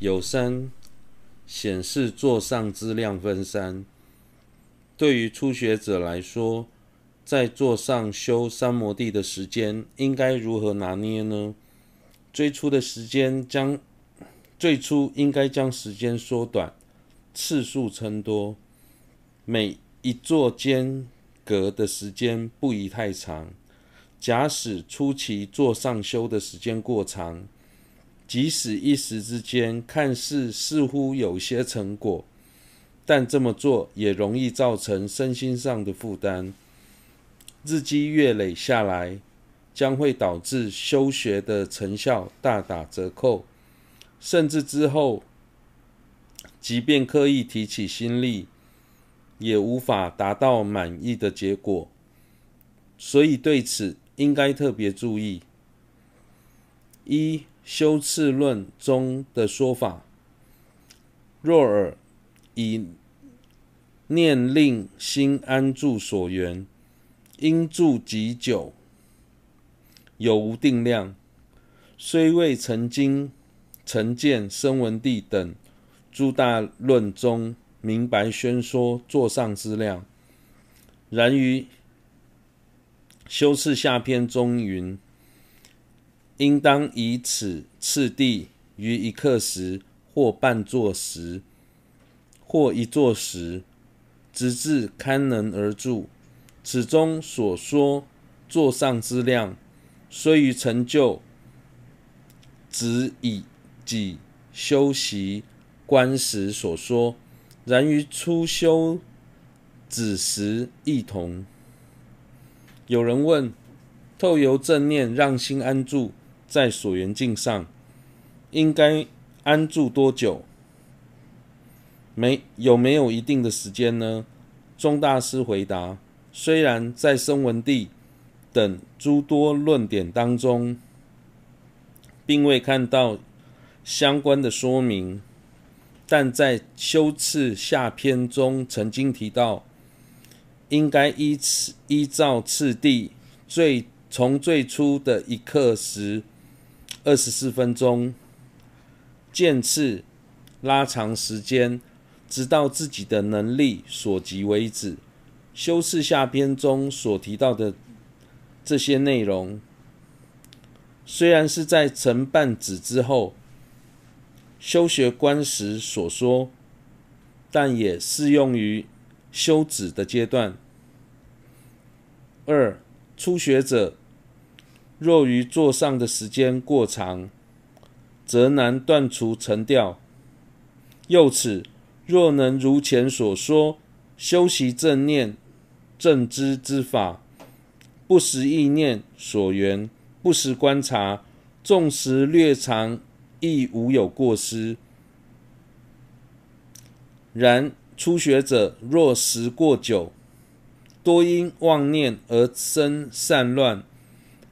酉三、顯示座上之量分三。對於初學者來說，在座上修三摩地的時間應該如何拿捏呢？最初的時間將，最初應該將時間縮短，次數增多，每一座間隔的時間不宜太長。假使初期座上修的時間過長，即使一時之間看似似乎有些成果，但這麼做也容易造成身心上的負擔。日積月累下來，將會導致修學的成效大打折扣，甚至之後，即便刻意提起心力，也無法達到滿意的結果。所以對此應該特別注意。一、修次論中的說法，若爾，以念令心安住所緣，應住幾久？有無定量？雖未曾經成見聲聞地等諸大論中明白宣說座上之量，然於修次下篇中云。應當以此次第，於一刻時或半座時，或一座時，直至堪能而住。此中所說座上之量，雖於成就止已修習觀時所說，然於初修止時亦同。有人問：透由正念讓心安住。在所緣境上應該安住多久？沒有沒有一定的時間呢？宗大師回答：雖然在聲聞地等諸多論典當中，並未看到相關的說明，但在修次下篇中曾經提到，應該依次依照次第最，最從最初的一刻時。二十四分鐘，漸次拉長時間，直到自己的能力所及為止。修次下篇中所提到的這些內容，雖然是在成辦止後修學觀時所說，但也適用於修止的階段。二、初學者。若於座上的時間過長，則難斷除沉掉。又此若能如前所說，修習正念、正知之法，不時憶念所緣，不時觀察，縱時略長，亦無有過失。然初學者若時過久，多因忘念而生散亂。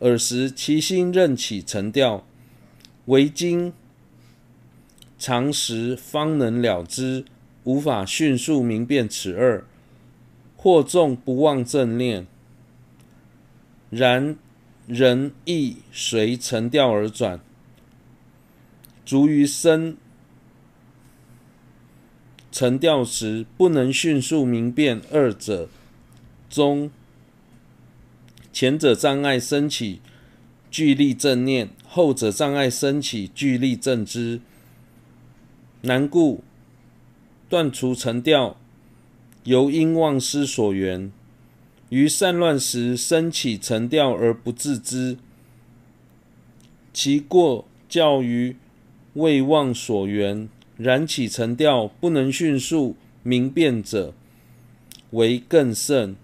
爾時其心任起沉掉，唯經長時方能了知，無法迅速明辨此二，或縱不忘正念。然仍易隨沉掉而轉，遂於生沉掉時不能迅速明辨二者中。前者障礙生起，具力正念；後者障礙生起，具力正知。難故斷除沉掉，由因忘失所緣，於散亂時生起沉掉而不自知，其過較於未忘所緣然起沉掉不能迅速明辨者為更甚，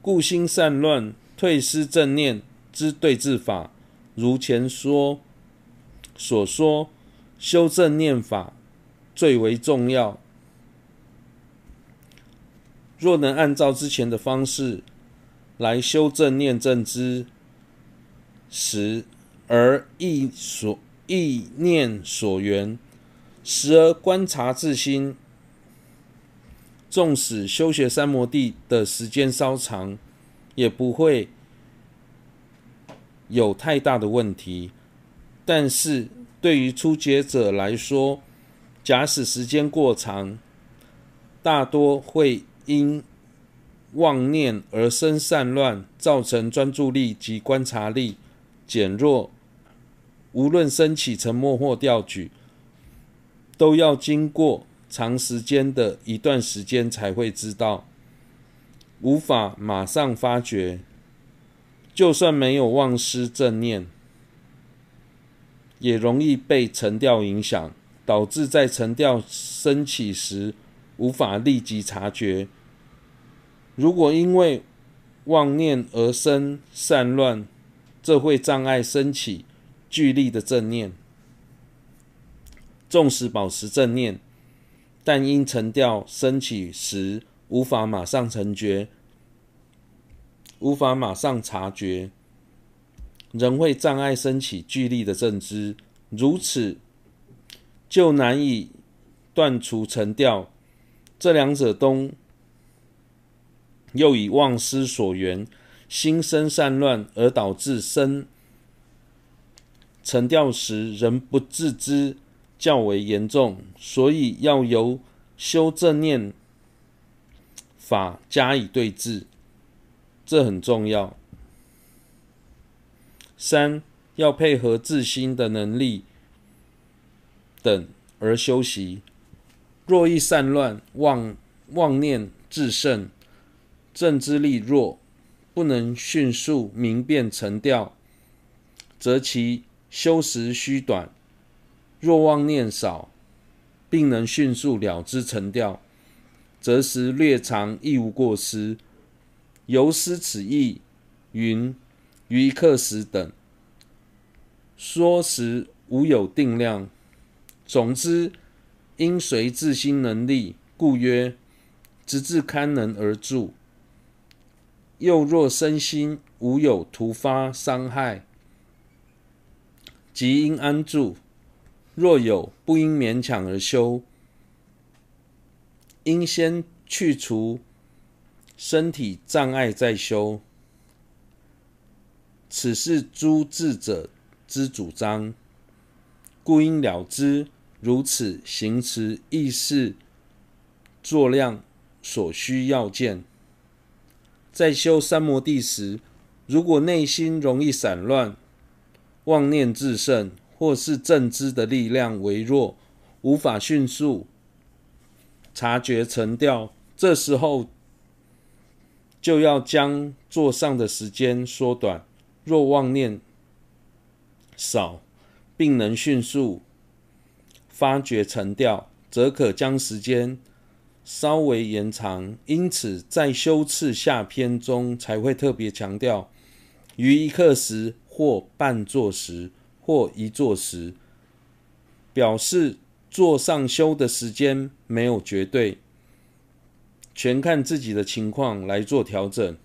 故心散亂。退失正念之對治法，如前說所說，修正念法最為重要。若能按照之前的方式來修正念正知，時而憶所憶念所緣，時而觀察自心，縱使修學三摩地的時間稍長，也不會有太大的問題，但是對於初學者來說，假使時間過長，大多會因忘念而生散亂，造成專注力及觀察力減弱，無論生起、沉沒或掉舉，都要經過長時間的一段時間才會知道。無法馬上發覺，就算沒有忘失正念，也容易被沉掉影響，導致在沉掉生起時無法立即察覺。如果因為忘念而生散亂，這會障礙生起具力的正念。縱使保持正念，但因沉掉生起時，無法馬上察覺，無法馬上察覺，仍會障礙生起具力的正知，如此就難以斷除沉掉。這兩者中，又以忘失所緣，心生散亂，而導致生沉掉時仍不自知，較為嚴重。所以要由修正念。法加以對治，這很重要。三要配合自心的能力等而修習。若易散亂、忘忘念熾盛、正知力弱，不能迅速明辨沉掉，則其修時須短。若妄念少，並能迅速了知沉掉。則時略長亦無過失，由思此義，云於刻時等，說時無有定量。總之，應隨自心能力，故曰直至堪能而住。又若身心無有突發傷害，即應安住；若有，不應勉強而修。應先去除身體障礙再修，此是諸智者之主張，故應了知。如此行持，亦是座量所需要件。在修三摩地時，如果內心容易散亂、忘念熾盛，或是正知的力量微弱，無法迅速。察覺沉掉，這時候就要將座上的時間縮短。若忘念少，並能迅速發覺沉掉，則可將時間稍微延長。因此，在修次下篇中才會特別強調於一刻時，或半座時，或一座時，表示。座上修的時間沒有絕對，全看自己的情況來做調整。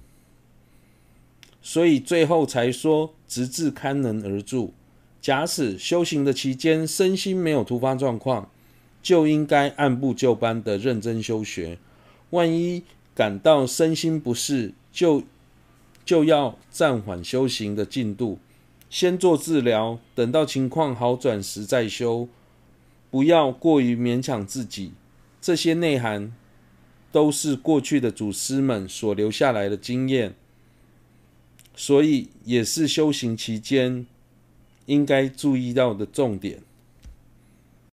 所以最後才說，直至堪能而住。假使修行的期間身心沒有突發狀況，就應該按部就班的認真修學。萬一感到身心不適，就就要暫緩修行的進度，先做治療，等到情況好轉時再修。不要過於勉強自己，這些內涵都是過去的祖師們所留下來的經驗，所以也是修行期間應該注意到的重點。